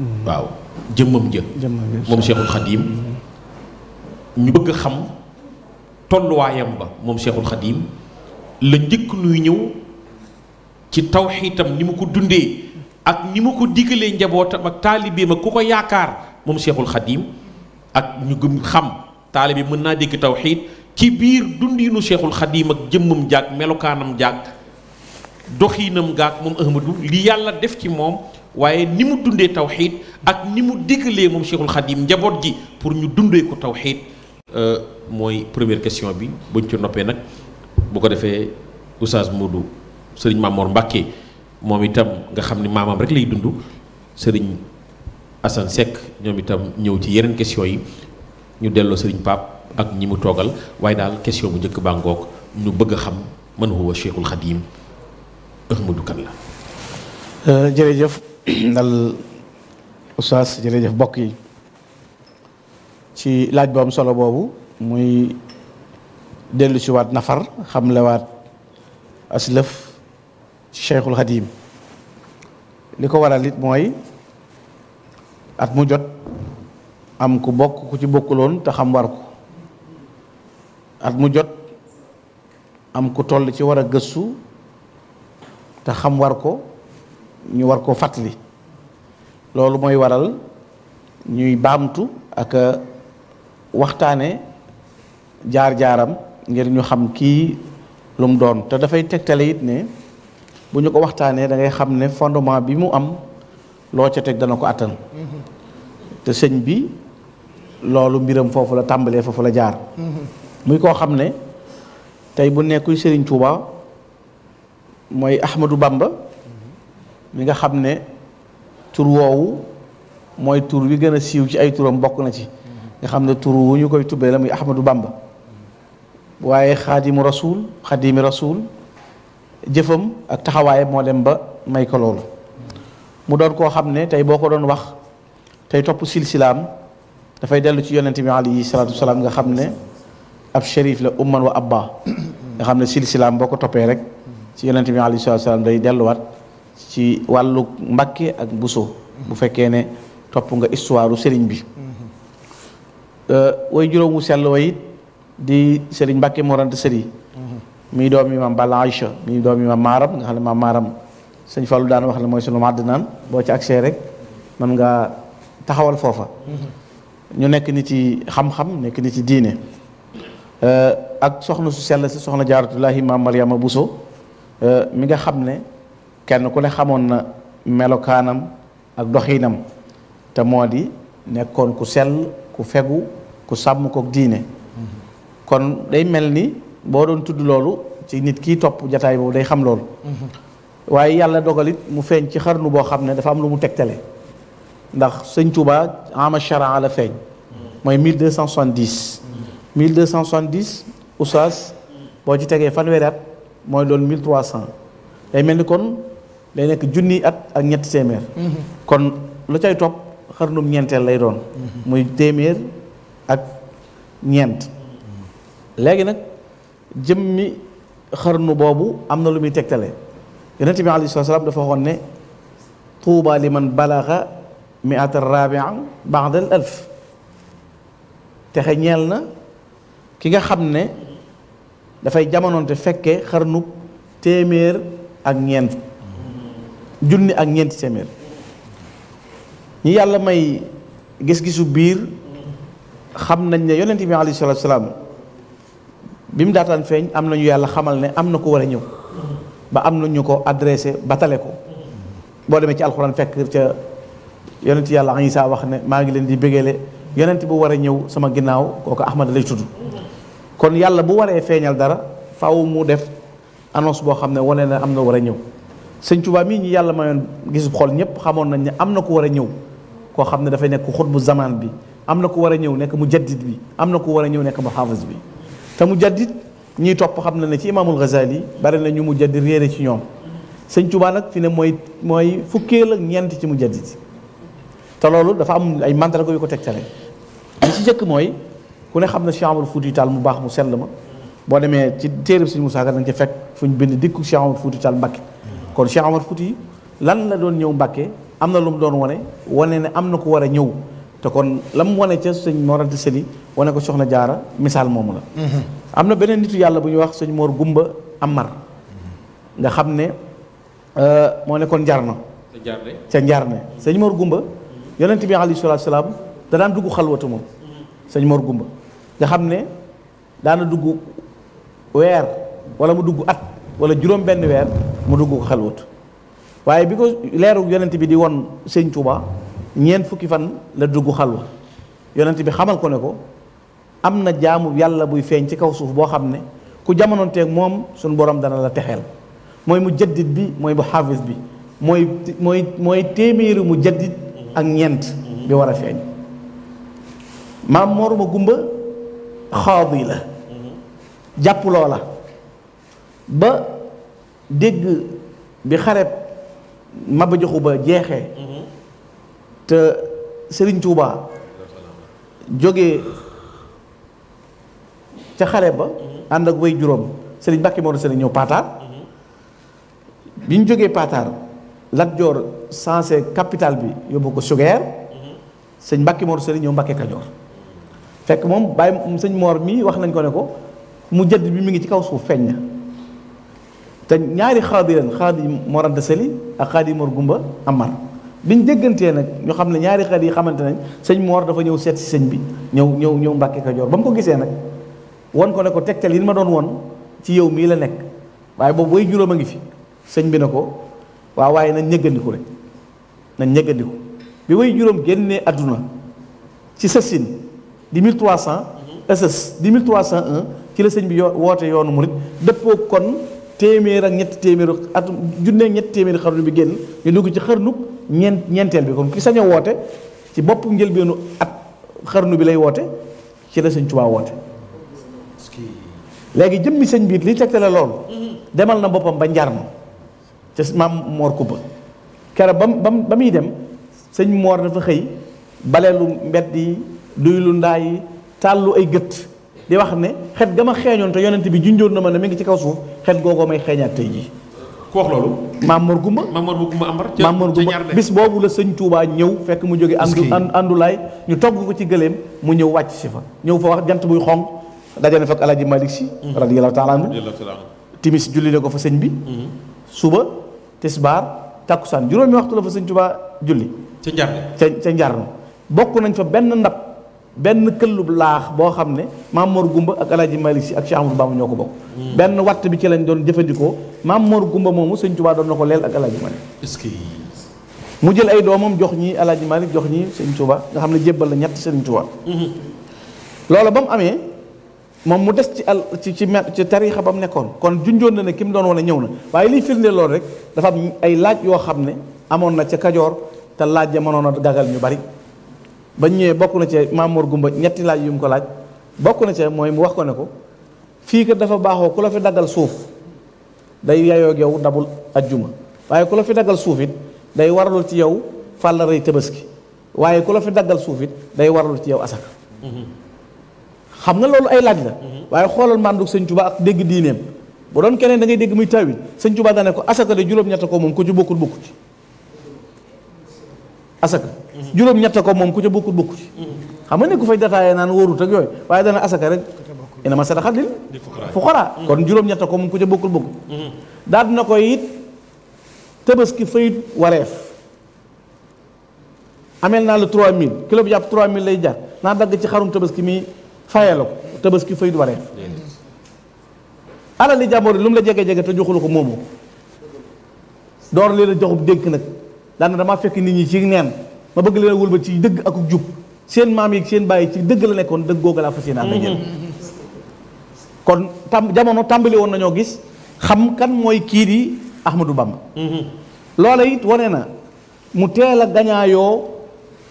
Mm. waaw jëmmam jë moom Cheikhul Khadim mm. ñu bëgg xam tolluwaayam ba moom Cheikhul Khadim la njëkk nuy ñëw ci tawxiitam ni mu ko dundee ak ni mu ko digalee njabootam ak taalibeem ak ku ko yaakaar moom Cheikhul Khadim ak ñu gëm xam taalibe mën naa dégg tawxiit ci biir dundinu Cheikhul Khadim ak jëmmam jaag melokaanam jaag doxiinam gaak moom Ahmadou li yàlla def ci moom waaye ni mu dundee tawxiid ak ni mu diggalee moom Cheikhul Khadim njaboot gi pour ñu dundee ko tawxiid euh, mooy première question bi buñ ci noppee nag bu ko defee Oustaz Modou sëriñ Mamor Mbacke moom itam nga xam ni maamam rek lay dund sëriñ Assane Seck ñoom itam ñëw ci yeneen question yi ñu delloo sëriñ Pape ak ñi mu toogal waaye daal question bu njëkk bàngoog ñu bëgg a xam man huwa Cheikhul Khadim Ahmadou Kane la. Euh, jërëjëf dal oustaz jërëjëf mbokk yi ci laaj bu am solo boobu muy dellu waat nafar xamlewaat aslëf ci Cheikhul Xadim li ko waral it mooy at mu jot am ku bokk ku ci bokkuloon te xam war ko at mu jot am ku toll ci war a gëstu. te xam war ko ñu war koo fàttali loolu mooy waral ñuy baamtu ak waxtaane jaar-jaaram ngir ñu xam kii lu doon te dafay tegtale it ne bu ñu ko waxtaanee dangay xam ne fondement bi mu am loo ca teg dana ko attan te sëñ bi loolu mbiram foofu la tàmbalee foofu la jaar mm-hmm. muy koo xam ne tey bu nekkuy Sëriñ Tuuba mooy Ahmadou Bamba mi nga xam ne tur woowu mooy tur wi gën a siiw ci ay turam bokk na ci nga xam ne tur wu ñu koy tubee la muy Ahmadou Bamba waaye xaadimu rasuul xaadimi rasuul jëfam ak taxawaayam moo dem ba may ko loolu mu doon koo xam ne tey boo ko doon wax tey topp silsilaam dafay dellu ci yonent bi alayhi salaatu wasalaam nga xam ne ab shérif la umman wa abba nga xam ne silsilaam boo ko toppee rek ci yonente bi alayhi salaatu salaam day delluwaat ci wàllu mbàkke ak buso bu fekkee ne topp nga histoire sëriñ bi mhm. euh, way juróom wu sell way di sëriñ mbàkke morante sëri mhm. mi doom imam Balla Aïcha mi doom imam maaram nga xam ne maam maaram sëñ Fallou daan wax ne mooy sunu màdd naan boo ci accès rek mën nga taxawal foofa mhm. ñu nekk nit ci xam-xam nekk nit ci diine euh, ak soxna su sell si soxna jaaratullahi maam Mariama Bousso Euh, mi nga xam ne kenn ku ne xamoon na melokaanam ak doxiinam te moo di nekkoon ku sel ku fegu ku sàmm kook diine mm-hmm. kon day mel ni boo doon tudd loolu ci nit kii topp jataay boobu day xam loolu mm-hmm. waaye yàlla dogalit mu feeñ ci xarnu boo xam ne dafa am lu mu tegtale ndax sëñ Touba ama charaa la feeñ mm-hmm. mooy cent 1270 1270 oustaz boo ci tegee fanweeri mooy doon mille trois day mel ni kon day nekk junniy at ak ñett téeméer mhm. kon lu cay topp xarnum ñeenteel lay doon mhm. muy téeméer ak ñeent léegi nag jëmmi xarnu boobu am na lu muy tegtale yonent bi alayhi salaam dafa waxoon ne tuuba li man balaxa miata rabia ba'dal alf texe ñeel na ki nga xam ne dafay jamonoonte fekke xarnub téeméer ak ñeent junni ak ñeenti téeméer ñi yàlla may gis-gisu biir xam nañ ne yonent bi alayhi salaatu salaam bi mu daataan feeñ am nañu yàlla xamal ne am na ko war a ñëw ba am nañu ko adressé ba tale ko boo demee ci alxuraan fekk ca yonent yàlla saa wax ne maa ngi leen di bégale yonent bu war a ñëw sama ginnaaw kooku Ahmad lay tudd kon yàlla bu waree feeñal dara faaw mu def annonce boo xam ne wane na am na war a ñëw sëñ Tuubaa mii ñu yàlla mayoon gisub xol ñëpp xamoon nañ ne am na ku war a ñëw koo xam ne dafay nekk xutbu zamaan bi am na ku war a ñëw nekk mu jaddit bi am na ku war a ñëw nekk mu xaafis bi te mu jaddit ñiy topp xam na ne ci imaamul Ghazali bari na ñu mu jaddit réere ci ñoom sëñ nag fi ne mooy mooy fukkeel ak ñeent ci mu jaddit te loolu dafa am ay mandarga yu ko teg tegtale li ci jëkk mooy ku ne xam na Cheikh Amadou Fouti Tall mu baax mu sell ma boo demee ci téereb Sëriñ Moussa Ka da nga ca fekk fu ñu bind dikku Cheikh Amadou Fouti Tall Mbàkke kon Cheikh Amadou Fouti lan la doon ñëw mbakke am na lu mu doon wone wane ne am na ku war a ñëw te kon la mu wane ca sëñ Mor Anta Sali wane ko Soxna Jaara misaal moomu la mm-hmm. am na beneen nitu yàlla bu ñuy wax sëñ Mor Gumba Amar nga xam ne euh, moo nekkoon na ca njarne sëñ Mor Gumba yonent bi alayhi salaatu salaam da daan dugg xalwatu moom mm-hmm. sëñ Mor Gumba nga xam ne daana dugg weer wala mu dugg at wala juróom benn weer mu dugg ko xalwut waaye bi ko leeru yonent bi di won sëñ Tuuba ñeent fukki fan la dugg xalwa yonent bi xamal ko ne ko am na jaamu yàlla buy feeñ ci kaw suuf boo xam ne ku jamonoonteeg moom suñ borom dana la texeel mooy mu jaddit bi mooy bu xaafis bi mooy mooy mooy téeméeri mu jaddit ak ñeent bi war a feeñ maam mooruma gumba xaadi la jàpp loola ba dégg bi xareb maba joxu ba jeexee te Serigne Touba jógee ca xale ba ànd ak way juróom Serigne mbakki moo Serigne ñëw Pataar bi jógee Pataar Lat Joor sensé capital bi yóbbu ko Sugeer Sëñ Mbàkke moo Serigne ñëw Mbàkke fekk moom bàyyi sëñ moor mii wax nañ ko ne ko mu jënd bi mi ngi ci kaw suuf feeñ na te ñaari xaadi leen xaadi Mor Anta Sali ak xaadi Mor Gumba Amar biñ déggantee nag ñu xam ne ñaari xaadi yi xamante nañ sëñ moor dafa ñëw seet si sëñ bi ñëw ñëw ñëw Mbàkke Kajoor ba mu ko gisee nag won ko ne ko tegtal yi ma doon won ci yow mii la nekk waaye boobu way juróom a ngi fi sëñ bi ne ko waaw waaye nañ ñëggandiku rek nañ ñëggandiku bi way juróom génnee àdduna ci sësin di 1300. SS 10301 ci la sëñ bi yoo woote yoonu murit dëppoo kon téeméer ak ñetti téeméer at junne ak ñetti téeméeri xarnu bi génn ñu dugg ci xarnu ñeent ñeenteel bi kon ki sañoo woote ci boppu njëlbeenu ak xarnu bi lay woote ci la sëñ Tuubaa woote. léegi jëmmi sëñ biit li tegtale loolu. demal na boppam ba njarma ca maam Moor Kubba keroog ba mu ba muy dem sëñ Moor dafa xëy baleelu mbedd yi. duy lu ndaay tàllu ay gët di wax ne xet ga ma xeeñoon te yonent bi junjoon na ma ne mi ngi ci kaw suuf xet googoo may xeeñaat tey jii ku wax loolu Maam Mor Gumba Maam Mor Gumba Amar Maam Mor Gumba bis boobu la sëñ Touba ñëw fekk mu jóge andu àndulaay ñu togg ko ci gëléem mu ñëw wàcc si fa ñëw fa wax jant buy xonq dajane fa ak Alaaji ma Si radiyallahu taala anhu timis julli na ko fa sëñ bi mhm. suba tisbaar takkusaan juróomi waxtu la fa sëñ Touba julli ca njarne ca njarne bokk nañ fa benn ndab benn këllub laax boo xam ne maam Mor Gumba ak El Hadj Malick si ak Cheikh Amadou Bamba ñoo ko bokk. Hmm. benn watt bi ci lañ doon jëfandikoo maam Mor Gumba moomu sëñ Tuubaa doon na ko leel ak El Hadj Malick. est mu jël ay doomam jox ñii El Hadj Malick jox ñii sëñ Tuubaa nga xam ne jébbal la ñett sëñ Tuubaa. Hmm. loolu ba mu amee moom mu des ci al ci ci ci tariixa ba mu nekkoon kon junjoon na ne ki mu doon wane ñëw na waaye liy firndeel loolu rek dafa am ay laaj yoo xam ne amoon na ca Kajoor te laaj ya mënoon a gagal ñu bari. bañ ñëwee bokk na ci Mamour Gumba ñetti laaj yu mu ko laaj bokk na ci mooy mu wax ko ne ko fii ko dafa baaxoo ku la fi daggal suuf day yayoo yow dabul ajjuma waaye ku la fi daggal suuf it day waralul ci yow fàllaray tabaski waaye ku la fi daggal suuf it day waralul ci yaw asaka xam nga loolu ay laaj la waaye xoolal mànduk sëñ Tuba ak dégg diineem bu doon keneen da ngay dégg muy tawi sëñ Tuba dane ko asaka de juróom-ñett ko moom ku ci bokkul bokku asaka juróom ñett ko moom ku ca bokkut bokku xam nga ne ku fay détaillé naan wóorut ak yooyu waaye dana asaka rek ina ma sadaxat lil fuqara kon juróom ñett ko moom ku ca bokkul bokkut daal dina koy it tabaski fayit wareef ameel naa la 3000 kilo bi yàpp 3000 lay jar naa dagg ci xarum tabaski mi fayee la ko ki fayit wareef alal li jàmbur lu mu la jege jege te joxul ko moomu door leen a joxub dénk nag daana damaa fekk nit ñi ci neen ma bëgg leen a wëlba ci dëgg ak jub seen maam yi seen bàyyi ci dëgg la nekkoon dëgg googu laa fas yéene mm-hmm. tam jamono tàmbali woon nañoo gis xam kan mooy kii di Ahmadou Bamba mm-hmm. loola it wane na mu teel a gañaayoo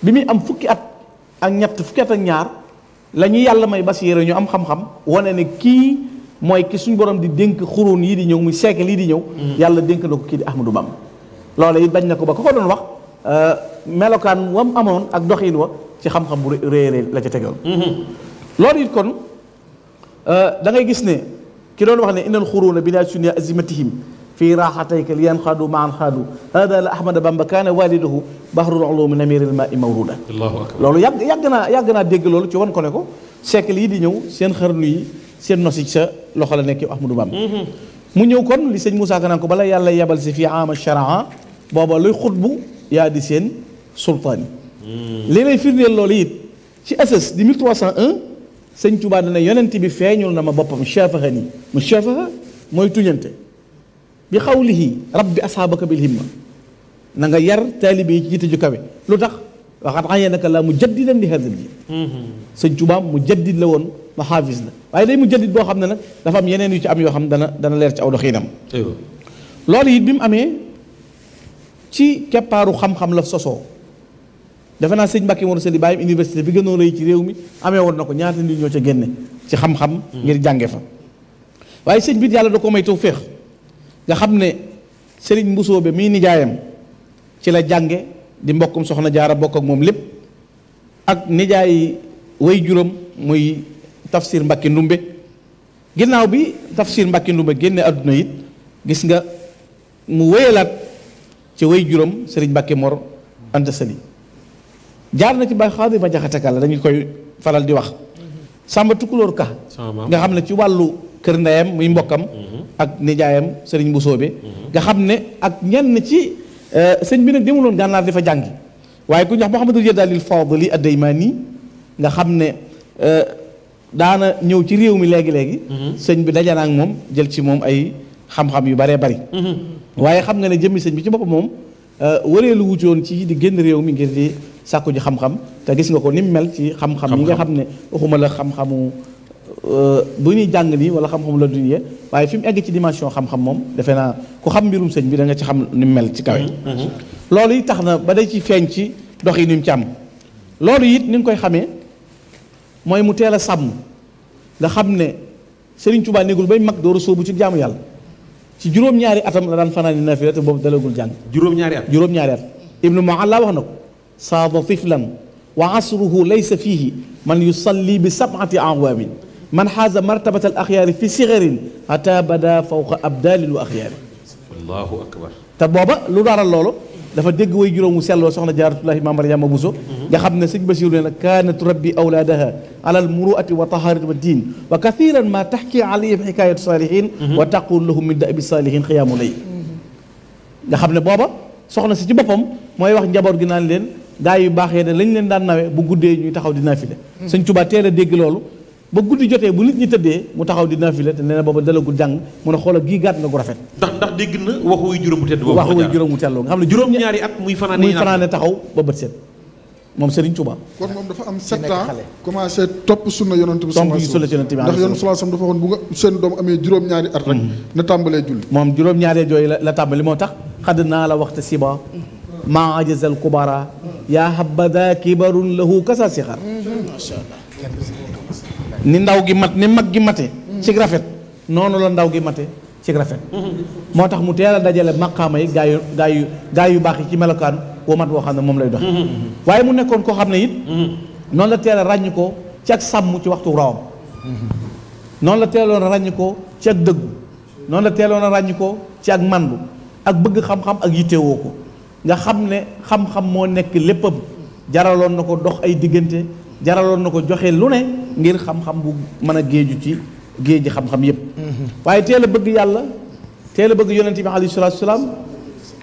bi muy am fukki at ak ñett fukki ñaar la ñu yàlla may basiira ñu am xam-xam wane ne kii mooy ki suñu borom di dénk xuróon yi di ñëw muy siècle yi di ñëw mm-hmm. yàlla dénk na ko kii di Ahmadou Bamba loola it bañ na ko ba ku ko doon wax euh, melokaan wam amoon ak doxiin wa ci xam-xam bu réeree la ca tegoon mm-hmm. loolu it kon euh, da ngay gis ne ki doon wax ne innal xuruuna bi naa sunia azimatihim fii raaxatayka li yanxaadu ma an xaadu hada la ahmada bamba kaane walidahu bahrul ulumi namiril ma i mawruda loolu yàgg yàgg naa dégg loolu ci wan ko ne ko siècle yi di ñëw seen xarnu yi seen nosi sa loxo la nekk yow ahmadou bamba mm-hmm. mu ñëw kon li sëñ Moussa naan ko bala yàlla yebal si booba luy xutbu yaa di seen sultaan yi li lay firndeel loolu it ci ss di 1301 sëñ Tuubaa dana yonent bi feeñul na ma boppam shafaha nii mu shafaha mooy tuñante bi xawlihi rabbi asaabaka bil himma na nga yar taalibe yi ci jiite ju kawe lu tax waxaat ayyanaka laa mujaddidan li haadal ji sëñ Tuubaa mujaddid la woon ma xaafis la waaye day mujaddid boo xam ne nag dafa am yeneen yu ci am yoo xam dana dana leer ci aw doxiinam loolu it bi mu ci keppaaru xam-xam la sosoo defe naa sëñ Mbacke Mor Sali bàyyam université bi gënoon rëy ci réew mi amee woon na ko ñaata nit ñoo ca génne ci xam-xam ngir jànge fa waaye sëñ bi yàlla da ko may tawféex nga xam ne sëriñ Mbusoobe mii nijaayam ci la jànge di mbokkum soxna jaara bokk ak moom lépp ak nijaay way juróom muy tafsir Mbacke Ndumbe ginnaaw bi tafsir Mbacke Ndumbe génne àdduna it gis nga mu wéyalaat ci way juróom sëriñ Mbàkke Mor Anta Sali jaar na ci ba xaadi ma jaxate la dañu koy faral di wax sàmba tukulóor ka nga xam ne ci wàllu kër ndeyam muy mbokkam mhm. ak nijaayam sëriñ bu soobe mhm. nga xam ne ak ñenn ci euh, sëñ bi nag demuloon gànnaar di fa jàngi waaye ku ñax Muhammadul Yadalil Fadli ad-Daymani nga xam ne euh, daana ñëw ci réew mi léegi-léegi mhm. sëñ bi dajanaa ak moom jël ci moom ay xam-xam yu baree bari waaye xam nga ne jëmmi sëñ bi ci boppa moom euh, wareelu wutoon ci di génn réew mi ngir di sàkku ji xam-xam te gis nga ko ni mu mel ci xam-xam yi xam ne waxuma la xam-xamu euh, bu ñuy jàng nii wala xam-xamu la waaye fi mu egg ci dimension xam moom defe naa ku xam sëñ bi da ci xam ni mu mel ci kawe mm-hmm. mm-hmm. loolu yi tax na ba day ci feeñ ci dox yi ni ci am loolu it ni nga koy xamee mooy mu teel a sàmm nga xam ne Serigne Touba néegul bay mag dooru soobu ci jaamu yàlla ci juróom-ñaari atam la daan fanaani naafila te boobu dalagul jàng juróom-ñaari at juróom-ñaari at ibnu mualla wax na ko saada tiflan wa asruhu laysa fiihi man yusalli bi sabati awaamin man xaaza martabat al axyaari fi sigarin ata bada fawqa abdalin wa axyaari allahu akbar te booba lu daaral loolu dafa dégg way juróom wu selloo soxna jaaratullahi maam ma Buso nga xam ne sëñ Basiru nee na kaana turabbi awlaadaha ala almuruati wa taharati wa diin wa kathiran ma taxki alayhim xikayatu saalihin wa taqul lahum min dabi saalihin xiyaamu lay nga xam ne booba soxna si ci boppam mooy wax njaboot gi naa leen gaa yu baax yee ne lañ leen daan nawe bu guddee ñuy taxaw di naafile sëñ Tuubaa teel dégg loolu ba guddi jotee bu nit ñi tëddee mu taxaw di naafila te nee na booba dalagul jàng mu ne xoolal gii gàtt nga gu rafet ndax ndax dégg na waxu wuy juróom bu tedd boobu waxu wuy juróom bu tedd nga xam ne juróom ñaari at muy fanaane muy fanaane taxaw ba bët set moom Serigne Touba kon moom dafa am sept ans commencé topp sunna yonent bi tomp sunna yonent bi ndax yonent sallallahu alayhi wasallam dafa waxoon bu nga seen doom amee juróom-ñaari at rek mm. na tàmbalee julli moom juróom-ñaari jooyu la tàmbali moo tax xadd naa la waxta siba maa ajazal kubara yaa habada kibarun lahu kasa sixar mm. ni ndaw gi mat ni mag gi mate ci rafet noonu la ndaw gi mate ci rafet moo tax mu teel a dajale maqaama yi gaa yu gaa yu gaa yu baax yi ci melokaan woo mat woo xam ne moom lay dox waaye mu nekkoon koo xam ne it noonu la teel a ràññ ko ci ak sàmm ci waxtu rawam noonu la teeloon a ràññ ko ci ak dëggu noonu la teeloon a ràññ ko ci ak mandu ak bëgg xam-xam ak yittewoo ko nga xam ne xam-xam moo nekk léppam jaraloon na ko dox ay diggante jaraloon na ko joxe lu ne ngir xam-xam bu mën a géeju ci géeji xam-xam yépp mhm. waaye teel a bëgg yàlla teel a bëgg yonent bi alayhi salaatu salaam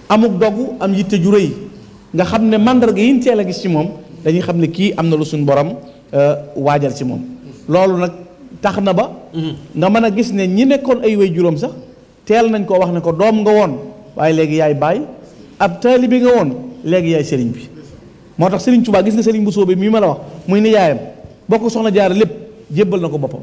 amuk dogu am yitte ju rëy nga xam ne mandarga yi ñu teel a gis ci moom dañuy xam ne kii am na lu suñ borom euh, waajal ci moom loolu nag tax na ba mhm. nga mën a gis ne ñi nekkoon ay way juróom sax teel nañ koo wax ne ko doom nga woon waaye léegi yaay baay ab taalibi nga woon léegi yaay sëriñ bi moo tax Serigne tubaa gis nga Serigne bu sóobee mii ma a wax muy ni yaayam bokk soxna jaara lépp jébbal na ko boppam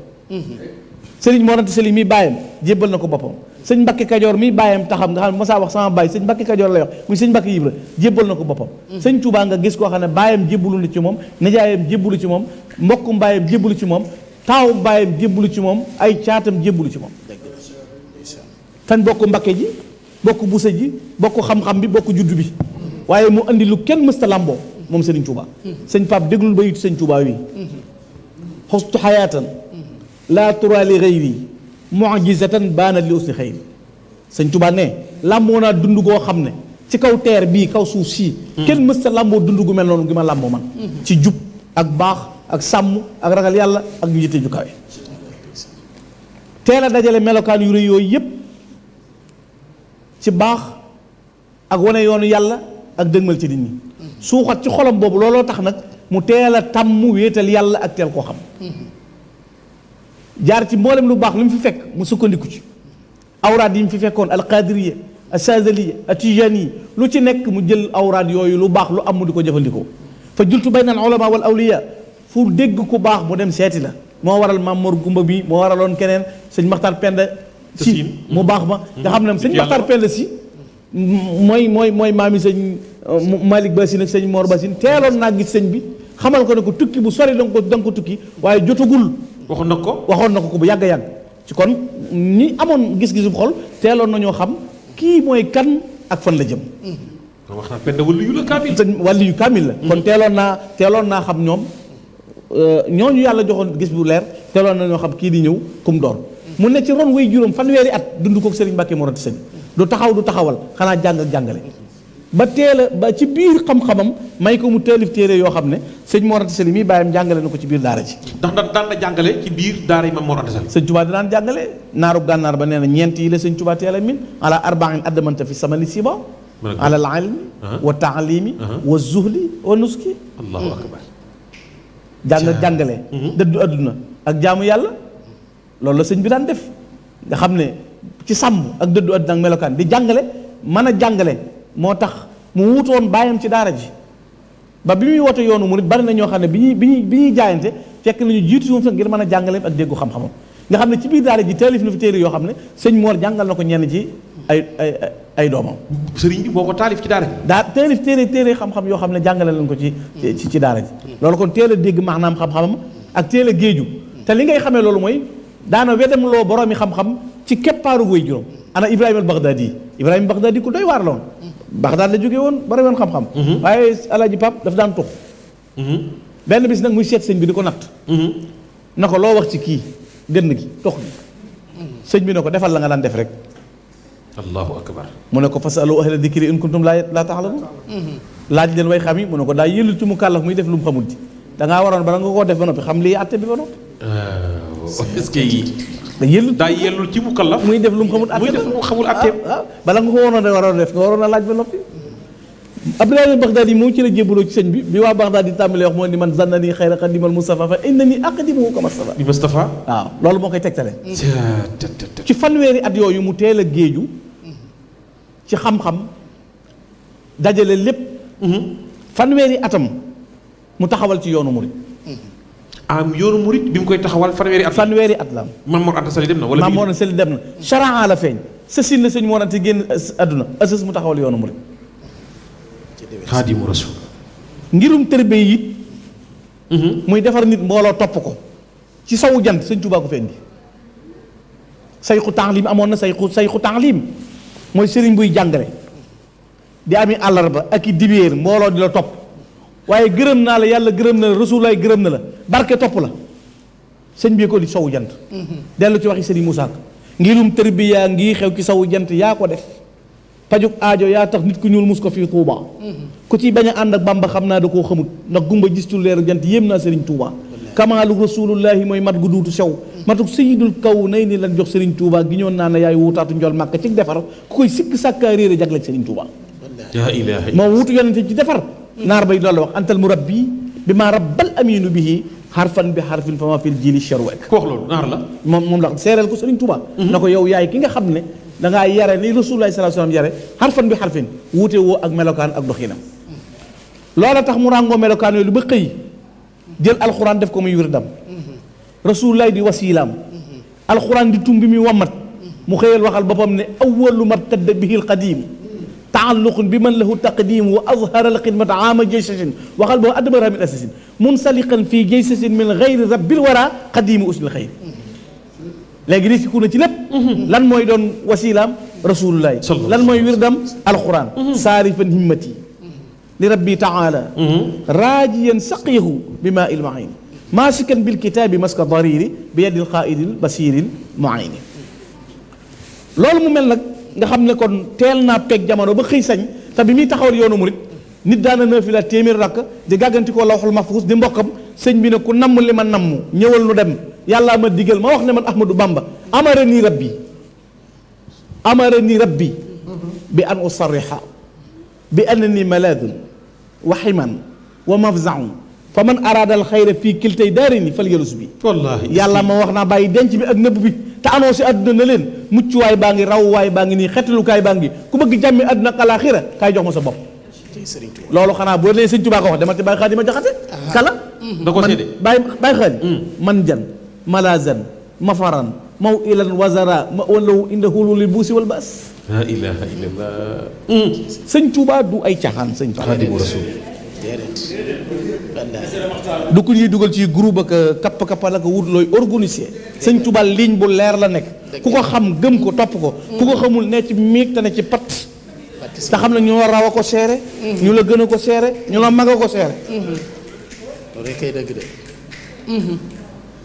Serigne Mor Anta Sali mii bàyyam jébbal na ko boppam sëñ Mbacke Kajoor mii bàyyam taxam nga xam ne mosaa wax sama baay sëñ Mbacke Kajoor lay wax muy sëñ Mbacke Ibra jébbal na ko boppam mm. sëñ Touba nga gis koo xam ne bàyyam jébbalu na ci moom nijaayam jébbalu ci moom mbokku bàyyam jébbalu ci moom taawu bàyyam jébbalu ci moom ay caatam jébbalu ci moom tan bokk Mbacke ji bokk busa ji bokk xam bi bokk juddu bi waaye mu andi lu kenn mësta lamboo moom Serigne Touba. sëñ Pape déglul bayit sëñ Touba wi. xostu xayaatan. laa turaali xëyri mujizatan baana li usni xëyri sëñ Touba ne làmboo naa dund goo xam ne ci kaw teer bii kaw suuf sii. kenn mës sa làmboo dund gu mel noonu gi ma làmboo man. ci jub ak baax ak sàmm ak ragal yàlla ak yu jëte ju kawe. teel dajale melokaan yu yooyu yëpp ci baax ak wane yoonu yàlla ak dëgmal ci nit ñi. suuxat ci xolom boobu looloo tax nag mu teel a tàmm wéetal yàlla ak teel koo xam jaar ci mboolem lu baax lu mu fi fekk mu sukkandiku ci awraad yi mu fi fekkoon alqadiriya asazaliya atijani lu ci nekk mu jël awraad yooyu lu baax lu am mu di ko jëfandikoo fa jultu bayna al ulama wal awliya fu dégg ku baax mu dem seeti la moo waral maam Gumba bi moo waraloon keneen sëñ Maxtar Penda si mu baax ma nga xam ne sëñ Maxtar Penda si mooy mooy mooy maami sëñ euh, Malick Bassine ak sëñ Mor Bassine teeloon naa gis sëñ bi xamal ko ne ko tukki bu sori danga ko danga ko tukki waaye jotagul. waxoon na ko waxoon na ko ko bu yàgg a yàgg. ci kon ñi amoon gis-gisu xol teeloon na ñoo xam kii mooy kan ak fan la jëm. wax na benn wàllu yu la kaamil. la. Mm-hmm. kon teeloon naa teeloon naa xam ñoom euh, ñooñu yàlla joxoon gis bu leer teeloon na ñoo xam kii di ñëw kum doon. mu ne ci ron way juróom fan weeri at dund koog Serigne Mbacke Morante Sëñ. du taxaw du taxawal xanaa jàng ak jàngale ba teel ba ci biir xam-xamam may ko mu taalif téere yoo xam ne sëñ Mor sa Sali mii bàyyam jàngale na ko ci biir daara ji ndax daan daan na jàngale ci biir daara yi ma Mor sa Sali sëñ Tuubaa daan jàngale naaru gànnaar ba nee na ñeent yi la sëñ Tuubaa teel a min ala arbain addamanta fi samali siba ala al ilmi wa taalimi wa zuhli wa nuski allahu akbar mm. jàng ak jàngale mm-hmm. dëddu adduna ak jaamu yàlla loolu la sëñ bi daan def nga xam ne ci sàmm ak dëddu àddina ak melokaan di jàngale man a jàngale moo tax mu wuutoon bàyyam ci daara ji ba bi muy wote yoonu murit bari na ñoo xam ne bi ñuy bi ñuy bi ñuy jaayante fekk nañu jiitu suñu sax ngir man a jàngale ak déggu xam-xamam nga xam ne ci biir daara ji taalif na fi téere yoo xam ne sëñ Mor jàngal na ko ñenn ci ay ay ay doomam. sëriñ boo ko taalif ci daara ji. daa taalif téere téere xam-xam yoo xam ne jàngale lañ ko ci ci ci daara ji. loolu kon teel dégg maanaam xam-xamam ak teel a géeju te li ngay xamee loolu mooy daana wedem loo boroomi xam ci keppaaru way juróom ana Ibrahima al Baghdadi Ibrahima Baghdadi ku doy waar la woon. Baghdad la jógee woon bari woon xam-xam. Mhm. waaye Alaaji Pap daf daan tux. Mhm. benn bis nag muy seet sëñ bi di ko natt. Mhm. na ko loo wax ci kii dënn gi tux gi. sëñ bi ne ko defal la nga daan def rek. allahu akbar mu ne ko fasalu ahla dikri in kuntum laa laa taalamun laaj leen way xam yi mu ne ko daa yëllu ci mu kàllaf muy def lu mu xamul ji da waroon bala nga koo def ba noppi xam lii Euh, est-ce que yellul daa yellul ci mukallaf la mu xamul muy def lu mu xamul atteem ah, ah. bala nga ko waroon a war a def nga waroon a laaj ba noppi Abdoulaye Baghdadi yi moo ci la jébbaloo ci sëñ bi bi waa Baghdadi yi tàmbalee wax moo man zanna nii xayra xadimal Mustafa fa inna nii aqdimuhu ka Mustafa di Mustafa waaw loolu moo koy tegtale ci fanweeri at yooyu mu teel a géeju ci xam-xam dajale lépp mm-hmm. fanweeri atam mu taxawal ci yoonu murid ah yoonu murit bi mu koy taxawal fanweeri at. fanweeri at la am. Maam Mor Sali dem na wala. Maam Mor Anta Sali dem na charan la feeñ sësin la sëñ Mor Anta génn àdduna asës mu taxawal yoonu murit. ngirum tërbe mm-hmm. muy defar nit mbooloo topp ko ci sawu jant sëñ Tuubaa ko fendi sayxu taalim amoon na sayxu sayxu taalim mooy sëriñ buy jàngale di ami àllarba ak i dibéer mbooloo di la topp waaye gërëm naa la yàlla gërëm na la rasulaay gërëm na la barke topp la sëñ bi ko di sowu jant mhm. dellu ci waxi sëñ Moussa ngirum tërbiyaa ngi xew ci sowu jant yaa ko def pajuk aajo yaa tax nit ku ñuul mus ko fii Touba mhm. ku ci bañ a Bamba xam naa da koo xamut ndax gumba gistul leeru jant yéem naa sëriñ Touba kamaalu rasulullahi mooy mat gu duutu sew mhm. matuk sayidul kaw nay ni lan jox sëriñ tuubaa gi ñoo naa ne yaay wutaatu njool màkk ci defar ku koy sikk sàkkaa réer a jaglaj moo wutu yonente ci defar naar bay loolu la wax antal murabbi bi maa rabbal aminu bihi xarfan bi xarfin fa ma fil jili charwek ku wax loolu naar la moom la seereel ko Sëriñ Tuubaa mhm. na ko yow yaay ki nga xam ne da ngaa yare ni rasulullah sallallahu alayhi wasallam yare xarfan bi xarfin wuute woo ak melokaan ak doxinam loola tax mu ràngoo melokaan yooyu lu ba xëy jël alxuraan def ko muy wirdam mhm. rasulullah di wasiilaam mhm. alxuraan di tum bi muy wammat mu xëyal waxal boppam ne awwalu mabtadda bihi alqadim taalluqun bi man lahu taqdim wa azhara al xidmata ama jaysasin waxal boo adbara min asasin munsaliqan fii jaysasin min gayri rabbil wara qadimu usnil xayr léegi li siku na ci lépp lan mooy doon wasilaam rasulullahi lan mooy wirdam alquran saarifan himmati li rabbi taala raajiyan saqiyahu bi maa il mahin maasikan bil kitaabi maska dariri bi yadil qaidil basiril muayini loolu mu mel nag nga xam ne kon teel naa peeg jamono ba xëy sañ te bi muy taxawal yoonu murit nit daana naafila téeméer rakk di gàggantikoo lawxul mahfuus di mbokkam sëñ bi ne ku namm li ma namm ñëwal nu dem yàllaa ma digal ma wax ne man ahmadou bamba amara nii rabbi amara nii rabbi bi an usarriha bi annani maladun wa ximan wa mafzaun fa man araada alxayra fii kiltay daarini fal yalus bi wallaahi yàlla ma wax naa bàyyi denc bi ak nëbb bi te annoncé àdduna na leen muccuwaay baa ngi rawwaay baa ngi nii xettalukaay baa ngi ku bëgg jàmmi àdduna ak alaaxira kaay jox ma sa bopp loolu xanaa boo nee sëñ Tuubaa ko wax demal ci Baye Xaadi ma da ko seede Baye mm. man jan malazan mafaran maw ilan wazara ma walaw inda hululi buusi wal baas la ilaha illallah mm. sëñ Tuubaa du ay caaxaan sëñ Tuubaa du ko ñuy dugal ci groupe ak kapp kappal ak wut looy organisé sëñ Touba ligne bu leer la nekk ku ko xam gëm ko topp ko mm. ku ko xamul ne ci miig te ne ci pat te xam ne ñu la raw a ko seere mm. ñu la gën a ko seere ñu la ko seere mm. loolu mm-hmm.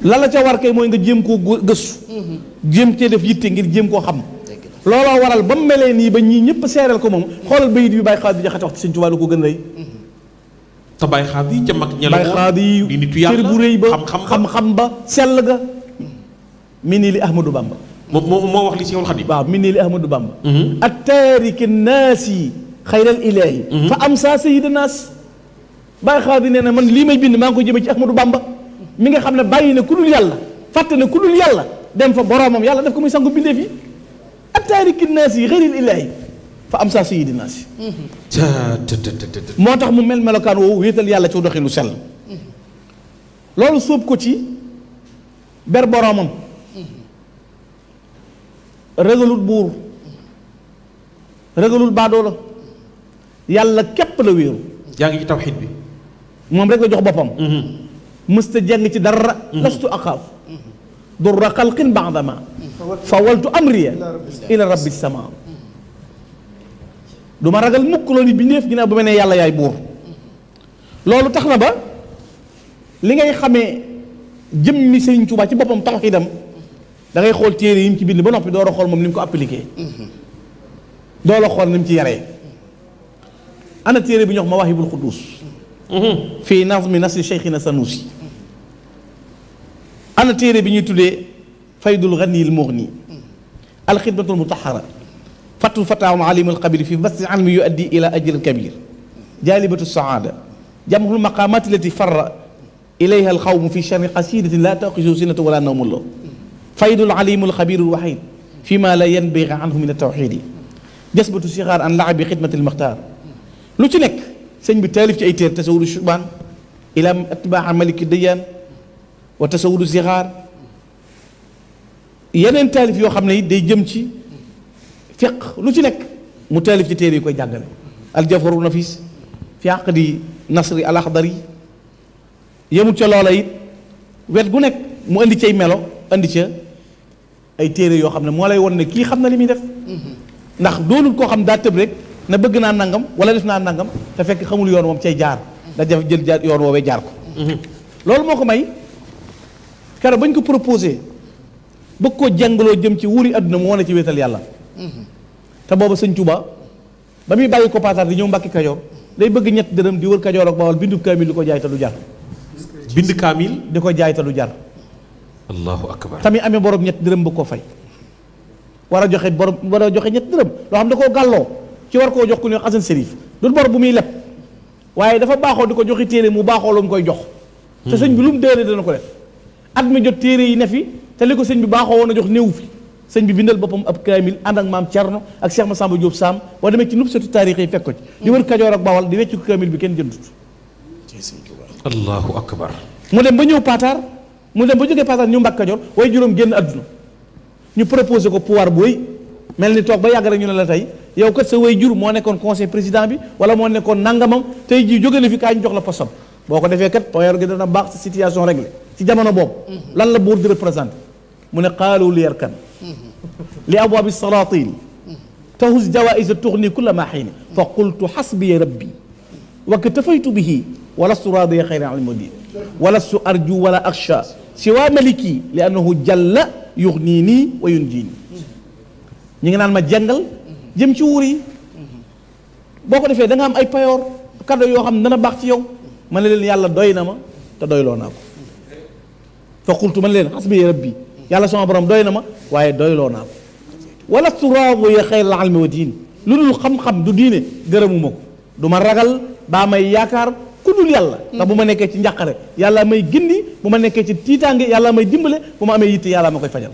la la ca war kay mooy nga jéem koo gëstu mm-hmm. jéem cee def yitte ngir jéem koo xam looloo waral ba mu melee nii ba ñii ñëpp seereel ko moom xoolal bayit bi bàyyi xaalis bi jaxate wax ci sëñ Touba lu ko gën rëy mm-hmm. te Baye Xaadi ca mag ña la bu rëy ba xam-xam ba sell ga mi nii li Ahmadou Bamba moo moo wax li Seexul Xadim waaw mi nii li Ahmadou Bamba mm-hmm. ak taariki naasi xayral ilaahi mm-hmm. fa am saa sayida naas Baye Xaadi nee na man lii may bind maa ngi ko jëme ci Ahmadou Bamba mi nga xam ne bàyyi na ku yàlla fàtte na ku dul yàlla dem fa boroomam yàlla def ko muy sangu bindeef yi ak taariki naasi xayral ilaahi fa am saa sayidina si moo tax mu mel melokaan woowu wéetal yàlla ci doxinu sell loolu sóob ko ci ber boroomam ragalul buur ragalul baadoo la yàlla képp la wéeru ngi ci tawxiid bi moom rek jox boppam mësta mhm. jàng ci dara mhm. lastu axaaf durra xalqin baadama mhm. fa waltu amriya ila rabbi sama du ma ragal mukk loolu bindeef ginnaaw bu ma nee yàlla yaay buur loolu tax na ba li ngay xamee jëmmi Sëriñ Tuubaa ci boppam tawxiidam da ngay xool téere yi mu ci bind ba noppi doo a xool moom ni ko appliqué. door a xool ni ci yare ana téere bi ñuy wax Mawaahibul Quddus. fii nazmi nasri Cheikhina Sanusi. ana téere bi ñuy tuddee Faydul Ghaniyyil Mughni. alxidmatul mutahara fatul fataam alimul xabir fi basti almi yu addi ila ajrin kabir jaalibatu saada jamhul maqaamaati lati farra ilayha alxawmu fi charri xasiidati laa taqisu sinatu wala nawmuloo faydul alimul xabirul waxid fi ma la yanbixi anhu min atawxid yi jasbatu sixaar an laabi xidmatil maxtaar lu ci nekk sëñ bi taalif ci ay téer tasawuru subaan ila atbaa maliki dayaan wa tasawuru sixaar yeneen taalif yoo xam ne it day jëm ci fiq lu ci nekk mu taalif ci téere yi koy jàngale aljawharu nafis fi di nasri alaxdari yemut ca loola it wet gu nekk mu indi cay melo indi ca ay téere yoo xam ne moo lay won ne kii xam na li muy def mm-hmm. ndax doonul koo xam daa tëb rek na bëgg naa nangam wala def naa nangam te fekk xamul yoon moom cay jaar da def jël jaar yoon woowee jaar ko mm-hmm. loolu moo ko may keroog bañ ko proposé bëgg koo jàngaloo jëm ci wuri àdduna mu wane ci wetal yàlla te booba sëñ Touba ba muy bàyyi ko paatar di ñëw Mbàkke Kajoor day bëgg ñett dërëm di wër Kajoor ak Bawol bindu kaamil di ko jaay te du jar. bind kaamil di ko jaay te du jar. tamit amee borom ñett dërëm ba ko fay. war a joxe borom war a joxe ñett dërëm loo xam da koo gàlloo ci war koo jox ku ne Asan Sérif du bor bu muy leb waaye dafa baaxoo di ko joxi téere mu baaxoo la koy jox. te sëñ bi lu mu dëre dana ko def at mi jot téere yi ne fi te li ko sëñ bi baaxoo woon a jox néew fi. sëñ bi bindal boppam ab kaamil ànd ak maam Thierno ak Cheikh Massamba Diop Sam boo demee ci nub satu taarix yi fekk ko ci di wër Kajoor ak Bawal di wecc ko kaamil bi kenn jëndut mu dem ba ñëw Pataar mu dem ba jógee Pataar ñu Mbàkke Kajoor waaye juróom génn àdduna ñu proposé ko pouvoir bu wéy mel ni toog ba yàgg rek ñu ne la tey yow kat sa way jur moo nekkoon conseil président bi wala moo nekkoon nangamam tey jii jóge na fi kaay ñu jox la posom boo ko defee kat power gi baax sa situation réglée jamono boobu mhm. lan la buur di représenté mu ne qaalu li yarkan li abwaabi salaatil tahuz jawaaiza tuxni kulla maa xiini fa qultu xasbiya rabbi wa ktafaytu bihi walastu raadiya xayran an madin walastu arju wala akhsha siwa maliki li annahu jalla yuxniini wa yunjiini ñu ngi naan ma jàngal jëm ci wuur yi boo ko defee da nga am ay payoor kado yoo xam ne dana baax ci yow ma ne leen yàlla doy na ma te doyloo naa ko fa qultu ma ne leen xasbiya rabbi yàlla sama borom doy na ma waaye doyloo naa ko wala turaabu ya xayral almi wa diin lu dul xam-xam du diine gërëmuma ko du ma ragal baa may yaakaar ku dul yàlla ndax bu ma nekkee ci njàqare yàlla may gindi bu ma nekkee ci tiitaange yàlla may dimbale bu ma amee yitte yàlla ma koy fajal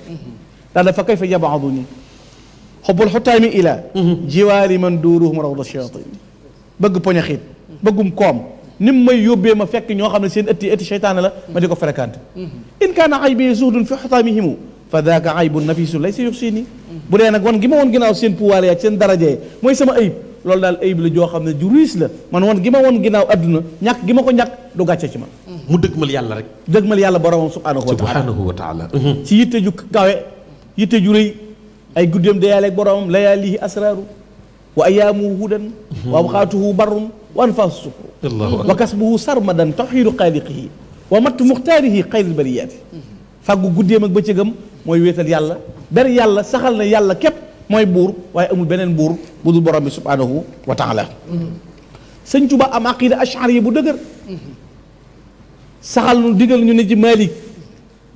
daal dafa kay fa yabaadu nii xobul xutaami ila yi mhm. man duuruhum rawda shayatin bëgg poñaxiit bëggum koom ni mu may yóbbee ma fekk ñoo xam ne seen ëtti ëtti seytaane la ma di ko fréquente in kaana aybi zuhdun fi xutaamihimu fa daaka aybun nafisu laysa yuxsini bu dee nag wan gi ma woon ginnaaw seen pouwaale ak seen daraje mooy sama ayib loolu daal ayib la joo xam ne ju ruis la man woon gi ma woon ginnaaw adduna ñàkk gi ma ko ñàkk du gàcce ci man mu dëgmal yàlla rek dëgmal yàlla boromam subhaanahu wa taala ci yitte ju kawe yitte ju rëy ay guddeem de yàlla ak boromam layaalihi asraaru wa ayaamuhu hudan wa awqaatuhu barrun wa anfaasu sukru wa kasbuhu sarmadan tawxiidu xaaliqihi wa matt muxtaarihi xayril bariyaati fàggu guddeem ak bëccëgam mooy wéetal yàlla ber yàlla saxal na yàlla képp mooy buur waaye amul beneen buur bu dul borom bi subhaanahu wa taala sëñ Tuba am aqida ashariya bu dëgër saxal nu digal ñu ne ci Malik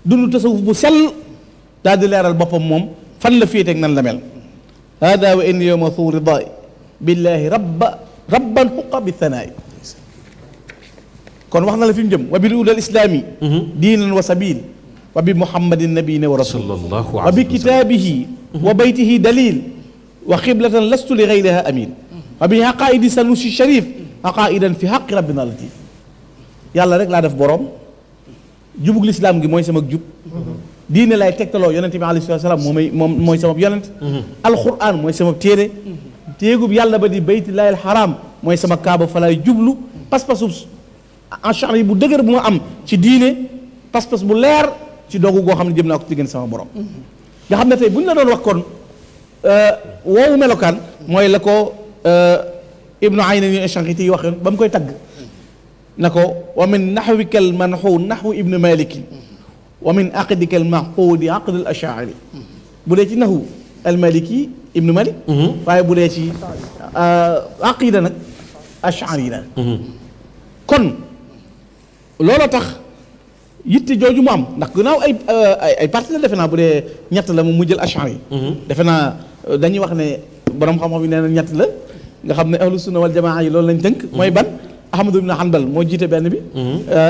dund tasawuf bu sell daal di leeral boppam moom fan la féete ak nan la mel hada wa inni yowma suur ridaay billahi rabba rabban xuqa bi thanaay kon wax na la fi mu jëm wa bil ulal islaami mhm. diinan wa sabil wa bi muhammadin nabiyina wa rasul wa bi kitaabihi wa baytihi dalil wa xiblatan lastu li gayriha amin wa bi aqaidi sanusi sharif aqaidan fi xaqi rabbina latif yàlla rek laa def borom jubug lislaam gi mooy sama jub diine laay tegtaloo yonente bi alayhi salaam moo may moom mooy sama yonent mhm. alquran mooy sama téere mhm. téegub yàlla ba di baytillahi alxaram mooy sama kaaba fa laay jublu pas-pasub enchar yi bu dëgër bu ma am ci diine pas-pas bu leer ci dogu goo xam ne jëm naa ko ci diggante sama borom nga xam ne tey bu ñu la doon wax kon euh, woowu melokaan mooy la ko euh, ibnu ayna ni shanqiti yi waxoon ba mu koy tagg na ko wa min naxwika al manxu naxwu ibnu maliki wa min aqdika al maxquudi aqd al ashaari bu dee ci naxwu al malik waaye bu dee ci euh, aqida mm-hmm. kon looloo tax yitte jooju mu am ndax gannaaw euh, ay ay partenaires defe naa bu dee ñett la moom mu jël achar yi. Mm-hmm. defe naa euh, dañuy wax ne borom xam-xam yi nee na ñett la nga xam ne ahlu sunna wal jamaa yi loolu lañ tënk. Mm-hmm. mooy ban Ahmad ibn Hanbal moo jiite benn bi.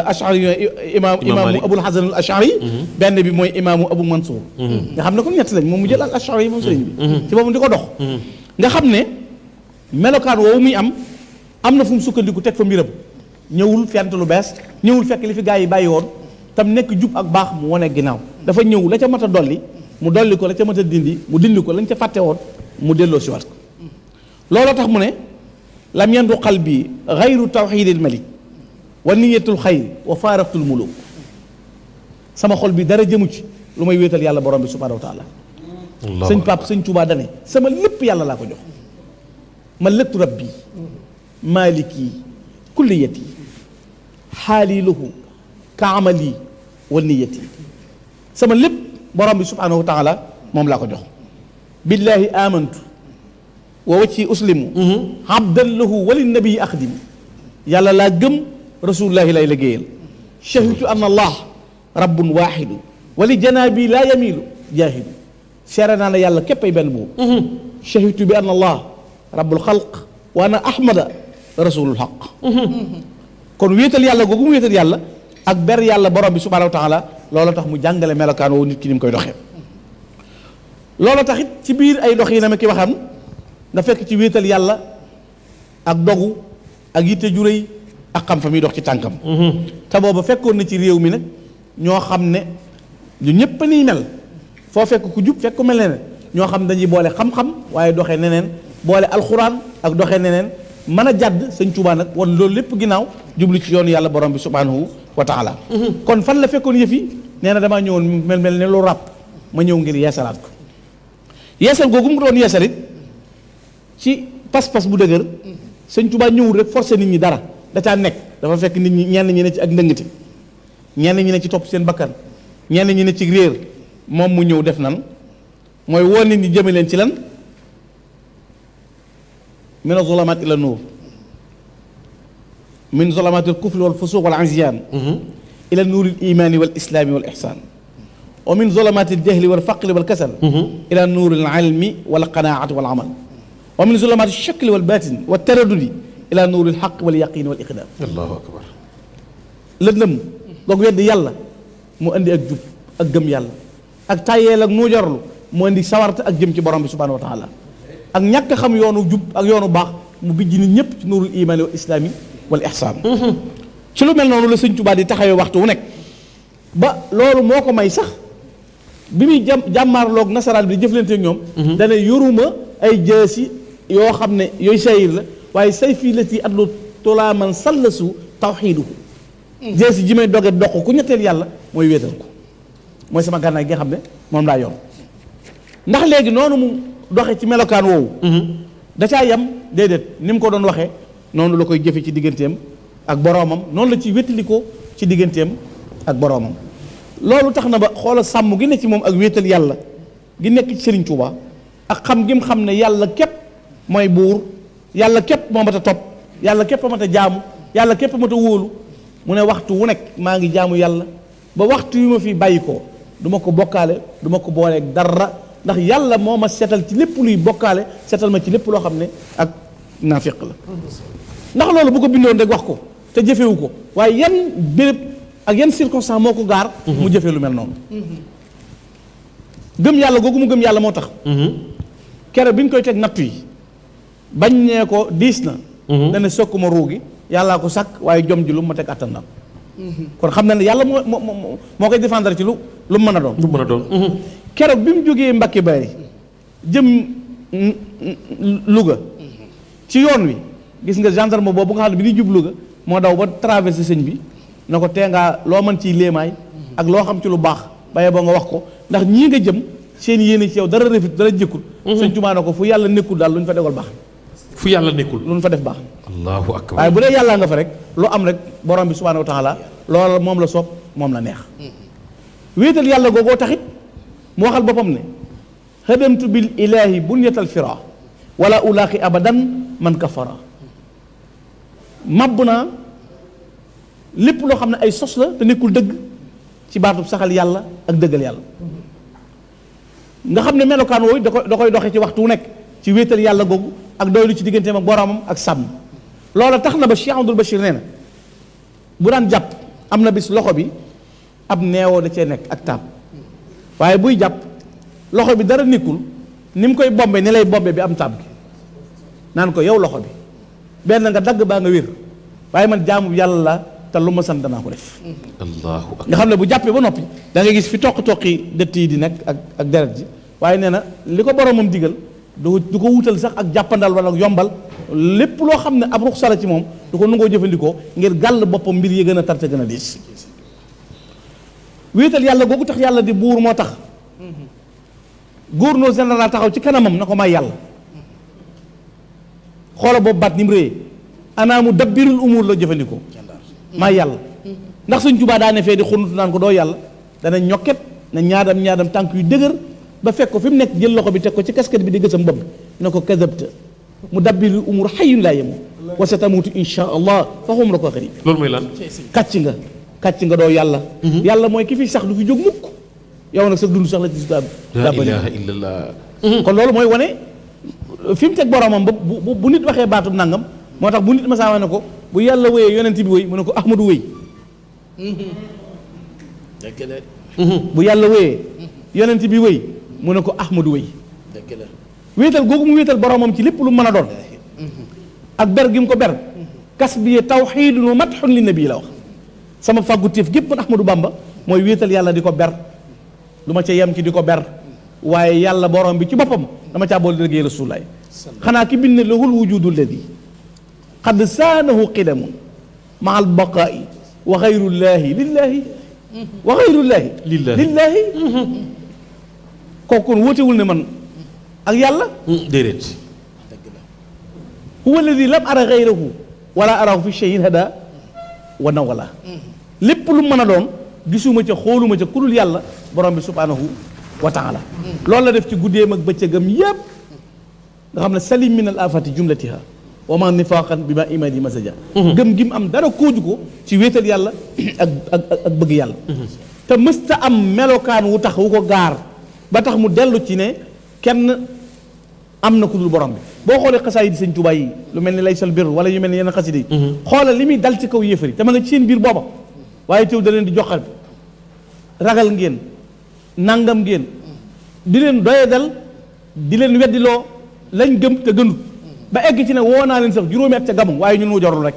achari mm-hmm. euh, yooyu imaam imaamu Abul Hasan al achari. benn bi mooy imaamu Abu Mansour. nga xam ne ko ñett lañ moom mu jël al achari yi moom sëriñ bi. ci boobu di ko dox. nga xam ne melokaan woowu muy am am na fu sukkandiku teg fa mbiram. ñëwul fent lu bees ñëwul fekk li fi gaa yi bàyyi woon tam nekk jub ak baax mu wonee ginnaaw dafa ñëw la ca mat a dolli mu dolli ko la ca mat a dindi mu dindi ko lañ ca fàtte woon mu delloo si waat ko looloo tax mu ne lam xal bi xayru tawxidil malik wa niyatul xayr wa faaraqtul muluk sama xol bi dara jëmu ci lu may wéetal yàlla borom bi subhanahu wa taala sëñ pap sëñ Tuubaa dane sama lépp yàlla laa ko jox ma lëttu rabbi maliki yi xaaliluhu ka amali wal niyati sama lépp borom bi subhaanahu wa taala moom laa ko jox billaahi amantu wa wacci uslimu mhm. abdan lahu wali nabii axdimu yàlla laa gëm rasulullahi lay liggéeyal shahitu an allah rabbun waaxidu wali janaabi laa yamiilu jaahidu seere naa ne yàlla képp ay benn boobu mhm. shahitu bi an allah rabbul xalq wa ana ahmada rasulul xaq mhm. kon wéetal yàlla googu mu wéetal yàlla ak ber yàlla borom bi subhaanahu wa taala loolu tax mu jàngale melokaan woowu nit ki ni mu koy doxee loolu tax it ci biir ay dox yi na ma ki waxam fekk ci wéetal yàlla ak dogu ak yitte xam fa muy dox ci tànkam mm-hmm. te booba fekkoon na ci réew mi nag ñoo xam ne ñu ñëpp niy mel foo fekk ku jub fekk ku mel neneen ñoo xam dañuy boole xam-xam waaye doxee neneen boole alxuraan ak doxe neneen mën a jàdd sëñ Tuubaa nag wan loolu lépp ginnaaw jublu ci yoonu yàlla borom bi subhanahu wa taala mhm. kon fan la fekkoon yëf yi nee na damaa ñëwoon mel mel ne lu ràpp ma ñëw ngir yeesalaat ko yeesal googu mu doon yeesal it ci pas-pas bu dëgër sëñ Tuubaa ñëwul rek forcé nit ñi dara da nekk dafa fekk nit ñi ñenn ñi ne ci ak ndëngati ñenn ñi ne ci topp seen bakkan ñenn ñi ne ci réer moom mu ñëw def nan mooy woo nit ñi jëme leen ci lan min azulamaat ila nuur min zulamaati alkufri wal fusuq wal asiyaan mhm. ila nuuril imaani wal islaami wal ixsaan wa min zulamaati aljahli wal faqri wal kasal mhm. ila nuuril ilmi wal qanaati wal amal wa min zulamaati alshakli wal baatin wa taraddudi ila nuuril xaq wal yaqiin wal iqdaam allahu akbar lëndëm googu weddi yàlla mu indi ak jub ak gëm yàlla ak tàyyeel ak nuujarlu mu indi sawarte ak jëm ci borom bi subhaanahu wa taala ak ñàkk xam yoonu jub ak yoonu baax mu bijj ni ñëpp ci nuurul imaani wal islaami wal ihsaan mhm. ci lu mel noonu la sëñ Tuubaa di taxawee waxtu wu nekk ba loolu moo ko may sax bi muy jam jàmmaarloog nasaraan bi jëflante ak ñoom mhm. dana yoruma ay jaasi yoo xam ne yooyu sayir la waaye say fii la si ci atlu tulaaman sallasu tawxiiduhu mhm. jaasi ji may doge doq ku ñetteel yàlla mooy wéetal ko mooy sama gànnaay gi xam ne moom laa yor ndax léegi noonu mu doxe ci melokaan woowu mhm. da caa yam déedéet ni mu ko doon waxee noonu la koy jëfe ci digganteem ak boroomam noonu la ci wétali ko ci digganteem ak boroomam loolu tax na ba xoolal sàmm gi ne ci moom ak wéetal yàlla gi nekk ci Serigne Touba ak xam gi xam ne yàlla képp mooy buur yàlla képp moo mat a topp yàlla képp mat a jaamu yàlla képp mat a wóolu mu ne waxtu wu nekk maa ngi jaamu yàlla ba waxtu yu ma fi bàyyi ko du ma ko bokkaale du ma ko booleeg dara ndax yàlla moo ma seetal ci lépp luy bokkaale seetal ma ci lépp loo xam ne ak naafiq la ndax loolu bu ko bindoon rek wax ko te jëfewu ko waaye yan béréb ak yan circonstance moo ko gaar mu mhm. jëfee lu mel noonu mhm. gëm yàlla googu mu gëm yàlla moo tax mhm. kere bi ñu koy teg nattu yi bañ nee ko diis na dana sokkuma ruugi yàllaa ko sàkk waaye jom ji lu ma teg attan kon xam na ne yàlla moo moo moo koy défendre ci lu lu mën a doon a doon keroog bi mu jógee Mbacke Bari jëm Louga ci yoon wi gis nga gendarme boobu nga bi ñuy jub moo daw ba traversé sëñ bi na ko tee loo mën ciy léemaay ak loo xam ci lu baax baye boo nga wax ko ndax ñii nga jëm seen yéene ci yow dara rëfit dara jëkkul mhm. sëñ Tuubaa na ko fu yàlla nekkul daal lu ñu fa baax fu yàlla nekkul lu fa def baax allahu akbar waaye yàllaa nga fa rek lu am rek borom bi subhaanahu wa taala loola moom la soob moom la neex mhm. wéetal yàlla googoo taxit mu waxal boppam ne xadamtu bil ilahi bunyatal fira wala ulaaxi abadan man kafara màbb naa lépp loo xam ne ay sos la te nekkul dëgg ci baatub saxal yàlla ak dëggal yàlla nga xam ne melokaan wooyu da koy da koy doxee ci waxtu wu nekk ci wéetal yàlla googu ak doylu ci digganteem ak boromam ak sàmm loola tax na ba Cheikh Amadou Bachir nee na bu daan jàpp am na bis loxo bi ab neewoo da cee nekk ak taab waaye buy jàpp loxo bi dara nekkul ni mu koy bombe ni lay bombe bi am taab gi naan ko yow loxo bi benn nga dagg baa nga wér waaye man jaamu yàlla la te lu ma sant danaa ko def nga xam ne bu jàppee ba noppi dangay gis fi toq-toqi dëtt yi di nekk ak ak deret ji waaye nee na li ko boromam digal du du ko wutal sax ak jàppandal wala yombal lépp loo xam ne ab ruxsala ci moom du ko nangoo jëfandikoo ngir gàll boppam mbir yi gën a tarte gën a diis wéetal yàlla googu tax yàlla di buur moo tax góor gouverneur général taxaw ci kanamam na ko may yàlla xoola boobu baat ni mu réyee anaa mu dabbirul umur la jëfandikoo may yàlla ndax suñ tubaa daane fee di xunutu naan ko doo yàlla dana ñokket na ñaadam ñaadam tànk yu dëgër ba fekk ko fi mu nekk jël loxo bi teg ko ci casquette bi di gësam bopp na ko kadabta mu dabbirul umur xayyun laa yemu wa sa tamutu insha allah fa xum la ko xëri loolu mooy lan nga kàcc nga doo yàlla mhm. yàlla mooy ki fi sax lu fi jóg mukk yow nag sax dund sax la ci islam la ilaha illallah mhm. kon loolu mooy wane fi mu teg boromam ba bu bu nit waxee baatu nangam moo tax bu nit masaa wane ko bu yàlla wéyee bi wéy mu ne ko ahmadu wéy mhm. bu yàlla wéyee yonent bi wéy mu ne ko ahmadu wéy wéetal googu mu wéetal boromam ci lépp lu mën a doon ak ber gi mu ko ber kas bi tawxiidun wa matxun li nabi la wax sama fàggutéef gépp man Ahmadou Bamba mooy wéetal yàlla di ko ber lu ma ca yem ci di ko ber waaye yàlla borom bi ci boppam dama caa boole liggéey rasulaay xanaa ki bind lahul wujudul ladi xad kooku kon wóotewul ne man ak yàlla déedéet huwa lam ara xayrahu wala arahu fi cheyin hada wana wala lépp lu mën a doon gisuma ca xooluma ca ku dul yàlla borom bi subhanahu wa taala loolu la def ci guddeem ak bëccëgam yépp nga xam ne salim min al afati jumlatiha wa ma nifaqan bi ma imadi masaja mhm. gëm gi mu am dara kooju ko ci wéetal yàlla ak ak ak bëgg yàlla mhm. te mësta am melokaan wu tax wu ko gaar ba tax mu dellu ci ne kenn am na ku dul borom bi boo xoolee xasaayid sëñ Tuubaa yi lu mel ni laysal bir wala yu mel ni yenn xasida yi mhm. xoolal li muy dal ci kaw yéefar yi te ma nga ci seen biir booba waaye teew da leen di joxal ragal ngeen nangam ngeen di leen doye dal di leen weddiloo lañ gëm te gënut ba egg ci ne woo naa leen sax juróomi at ca gamu waaye ñun wu jorul rek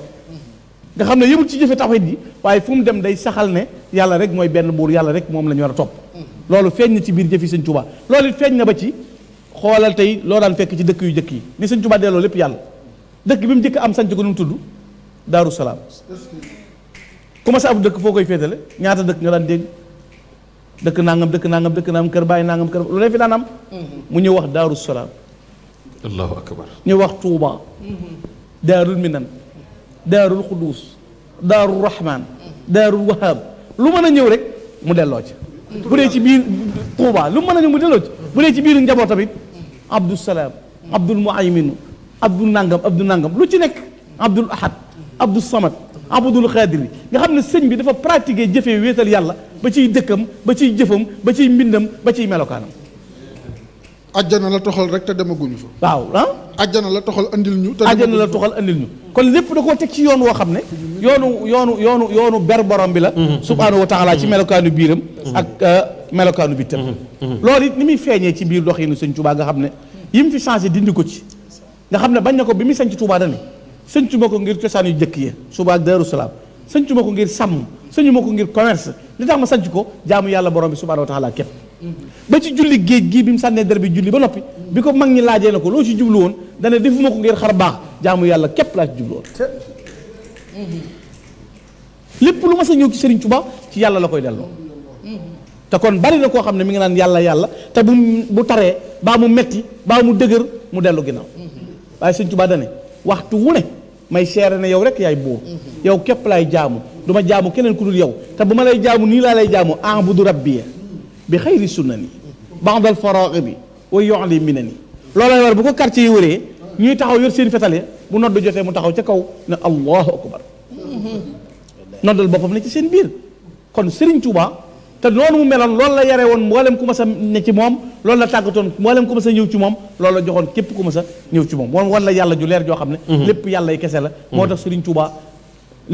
nga xam ne yëmut ci jëfe tawhid ji waaye fu dem day saxal ne yàlla rek mooy benn buur yàlla rek moom la a topp mhm. loolu feeñ na ci biir jëfi xoolal tey loo daan fekk ci dëkk yu jëkk yi ni sëñ Tuubaa delloo lépp yàlla dëkk bi mu njëkk am sanc ko nu mu tudd Daaru Salaam commencé ab dëkk foo koy féetale ñaata dëkk nga daan dégg dëkk nangam dëkk nangam dëkk nangam kër bàyyi nangam kër lu ne fi daan am mu ñëw wax Daaru Salaam allahu akbar ñu wax Touba daarul minan daarul xuduus daarul rahman daarul wahab lu mën a ñëw rek mu delloo ci bu dee ci biir Touba lu mën a ñëw mu delloo ci bu dee ci biir njaboot tamit abdou salaam abdul muayminu abdou nangam abdou nangam lu ci nekk abdul ahad abdou samad abdul xaadiri nga xam ne sëñ bi dafa pratiquer jëfee wéetal yàlla ba ciy dëkkam ba ciy jëfam ba ciy mbindam ba ciy melokaanam ajjana la toxal rek te demaguñu fa. waaw ah. ajjana la toxal andil ñu. te ajjana la toxal andil ñu. kon lépp da koo teg ci yoon woo xam ne. yoonu yoonu yoonu yoonu ber borom bi la. Mhm. subhaanahu wa taala ci mhm. melokaanu biiram. Mhm. ak euh, melokaanu bitam. loolu it ni muy feeñee ci biir doxinu sëñ Touba nga xam ne. yi mu fi changé dindi ko ci. nga xam ne bañ na ko bi muy sañ tuubaa Touba dañu. sëñcu ko ngir cosaan yu jëkk yi subaa ak Darou Salaam sëñcu ko ngir sàmm sëñu ma ko ngir commerce li tax ma sañc ko jaamu yàlla borom bi subhaanahu wa taala képp ba ci julli géej gii bi mu sànnee del bi julli ba noppi bi ko mag ñi laajee ne ko loo ci jublu woon dana defuma ko ngir xar baax jaamu yàlla képp laay ci jublu woon lépp lu mas a ñëw ci Serigne Touba ci yàlla la koy delloo te kon bari na koo xam ne mi ngi naan yàlla yàlla te bu bu taree baa mu metti baa mu dëgër mu dellu ginnaaw waaye Serigne Touba dane waxtu wu ne may seere ne yow rek yaay buur yow képp laay jaamu du jaamu keneen ku dul yow te bu ma lay jaamu nii laa lay jaamu a'budu rabbi bi xayri sunnani ba'dal faraa'idi wa yu'li minani loolay war bu ko quartier yi wëree ñuy taxaw yor seen fetale bu nodd jotee mu taxaw ca kaw ne allahu akbar noddal boppam ne ci seen biir kon Serigne Touba te noonu mu meloon loolu la yare woon mboolem ku ma sa ne ci moom loolu la tàggatoon mboolem ku ma sa ñëw ci moom loolu la joxoon képp ku ma sa ñëw ci moom moom wan la yàlla ju leer joo xam ne mhm. lépp yàlla yi kese la mhm. moo tax Serigne Touba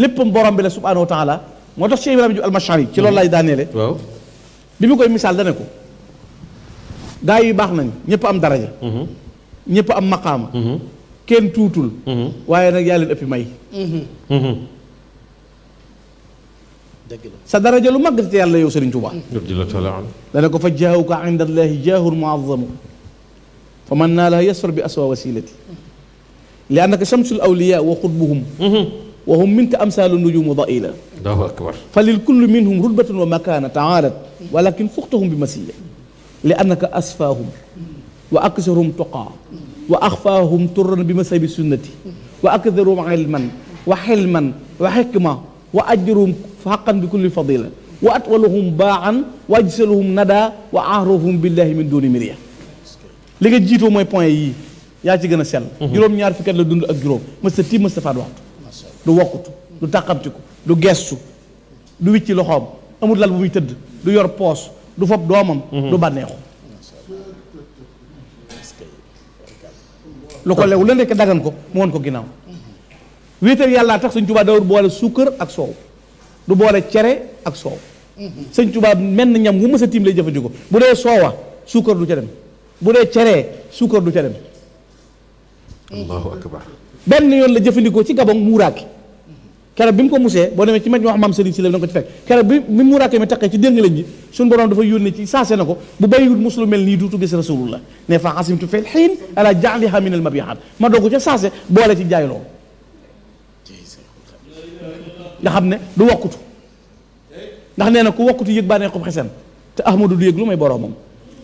léppam borom bi la subhanahu wa taala moo tax Cheikh Ibrahima ju almachari ci bi mu koy misaal dana ko gaa yu baax nañ ñëpp am daraja mhm. ñëpp am maqaama mhm. kenn tuutul mhm. waaye nag yaa leen ëppi may sa daraja lu mag te yàlla yow Sëriñ Tuubaa dana ko fa jaawuka inda allaahi jaahun muazzamu fa man naa la yasfar bi aswa wasilati li annaka shamsul wa xutbuhum wa hum minka amsaalu nujuumi daila allahu akbar fa lil kulli minhum rutbatun wa makaana taalat walakin fuxtahum bi masiya li annaka asfaahum wa aksarhum toqaa wa axfaahum turran bi masabi sunnati wa akdarum ilman wa xilman wa xikma wa ajruhum xaqan bi kulli fadila wa atwaluhum baaxan wa ajsaluhum nada wa ahruhum billahi min duni miriya li nga jiitoo mooy point yii yaa ci gën a sell juróom-ñaar fukki at la dund ak juróom mës ta tiim mës ta faat waxtu du wokkutu du tàqamtiku du gestu du wicci loxoom amul lal bu muy tëdd du yor poos du fob doomam mhm. du bànneexu lu ko lew la nekk dagan ko mu ko ginnaaw wéetal yàllaa tax sëñ Tuubaa dawul boole suukar ak soow du boole cere ak soow sëñ Tuubaa menn ñam wu mës a tiim lay jëfandikoo bu dee soowa suukar du ca dem bu dee ceree suukar du ca dem benn yoon la jëfandikoo ci gabon muuraaki keroog bi mu ko musee boo demee ci maj wax maam Serigne si la danga ko ci fekk keroog bi bi mu rakkee mi taqee ci déngalañ ji suñu borom dafa yónne ci saase na ko bu bàyyiwut mos lu mel nii duutu gis rasulullah ne fa xasimtu fil xiin ma doo ko ca saase boole ci jaay loolu xam ne du wokkutu ndax nee na ku wokkutu yëg baa nee xob xesen te ahmadu du yëg lu may boromam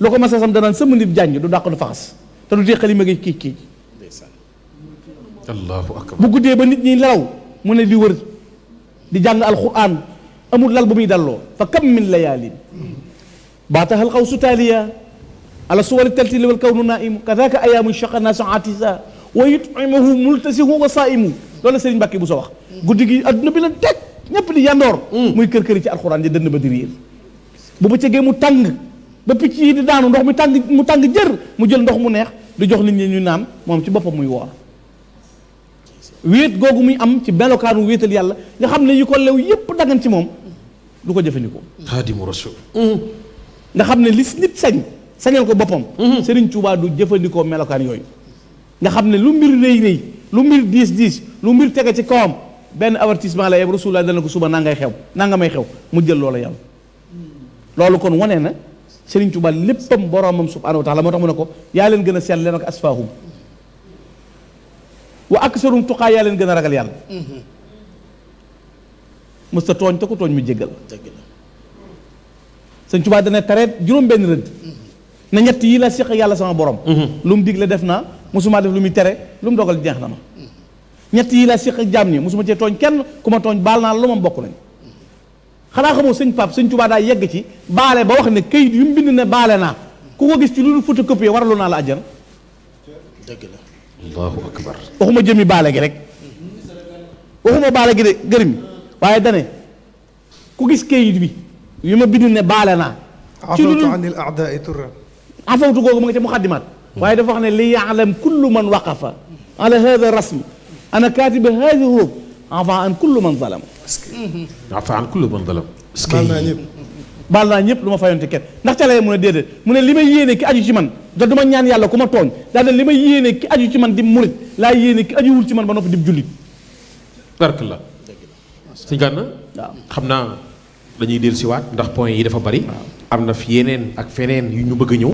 loo ko masasam danaan sëmm ndib jànj du dàq du faxas te du teqali ma ngi kiij kiij allahu akbar bu guddee ba nit ñi lelaw mu ne di wër di jàng alquran amul lal bu muy dalloo fa kam min layaalin baataxal xaw su taaliya ala suwari taltili wal kawnu naaimu kadaka ayaamu shaqana saatisa wa yut'imuhu multasihu wa saaimu loolu la Serigne Mbacke bu so wax guddi gi adduna bi la teg ñëpp di yandoor mm. muy kër kër yi ci alquran di dënn ba di réer bu bëccëgee mu tàng ba picc di daanu ndox mi tàng mu tàng jër mu jël ndox mu neex di jox nit ñi ñu naan moom ci boppam muy woor wéet googu muy am ci melokaanu wéetal yàlla nga xam ne yi ko lew yépp dagan ci moom du ko jëfandikoo. xaadimu rasul nga xam ne li nit sañ ko boppam. Serigne du jëfandikoo melokaan yooyu. nga xam ne lu mbir rëy rëy lu mbir diis diis lu mbir tege ci kawam benn avertissement la yeb rasulullah dana ko suba nangay xew may xew mu jël loola yàlla. loolu kon wane na Serigne Touba léppam boromam subhanahu wa taala moo tax mu ne ko yaa leen gën a seet leen ak asfaahum wa aksarum tuqaa yaa leen gën a ragal yàlla mës ta tooñ te ko tooñ mu jéggal sëñ Tuubaa dana tareet juróom benn rëdd na ñett yii la séq yàlla sama borom mhm. lu mu digle def naa mosuma def lu muy tere lu mu dogal neex na ma mhm. ñett yii la séq jaam ñi mosuma cee tooñ kenn ku ma tooñ baal naa lu ma bokk nañ xanaa xamoo sëñ Pape sëñ Tuubaa daa yegg ci baale ba wax ne kayit yu mu bind ne baale naa ku ko gis ci lu dul photocopie waralu naa la la allahu akbar waxuma jëmi baale gi rek waxuma baale gi de gërëm waaye dane ku gis kayit bi yu ma bind ne baale naa ci lu dul ma nga ca muqaddimaat waaye dafa wax ne li yaalam kullu hadi ruub afa an kullu man zalam afa an lu ma fayonte kenn ndax ca mu ne déedéet mu ne li may yéene ki aju ci man da ma ñaan yàlla ku ma tooñ daal li ma yéene ki aju ci man di murit laa yéene ki ajuwul ci man ba noppi di jullit. bark la si gànna xam naa dañuy dellusiwaat ndax point yi dafa bari. am na fi yeneen ak feneen yu ñu bëgg a ñëw.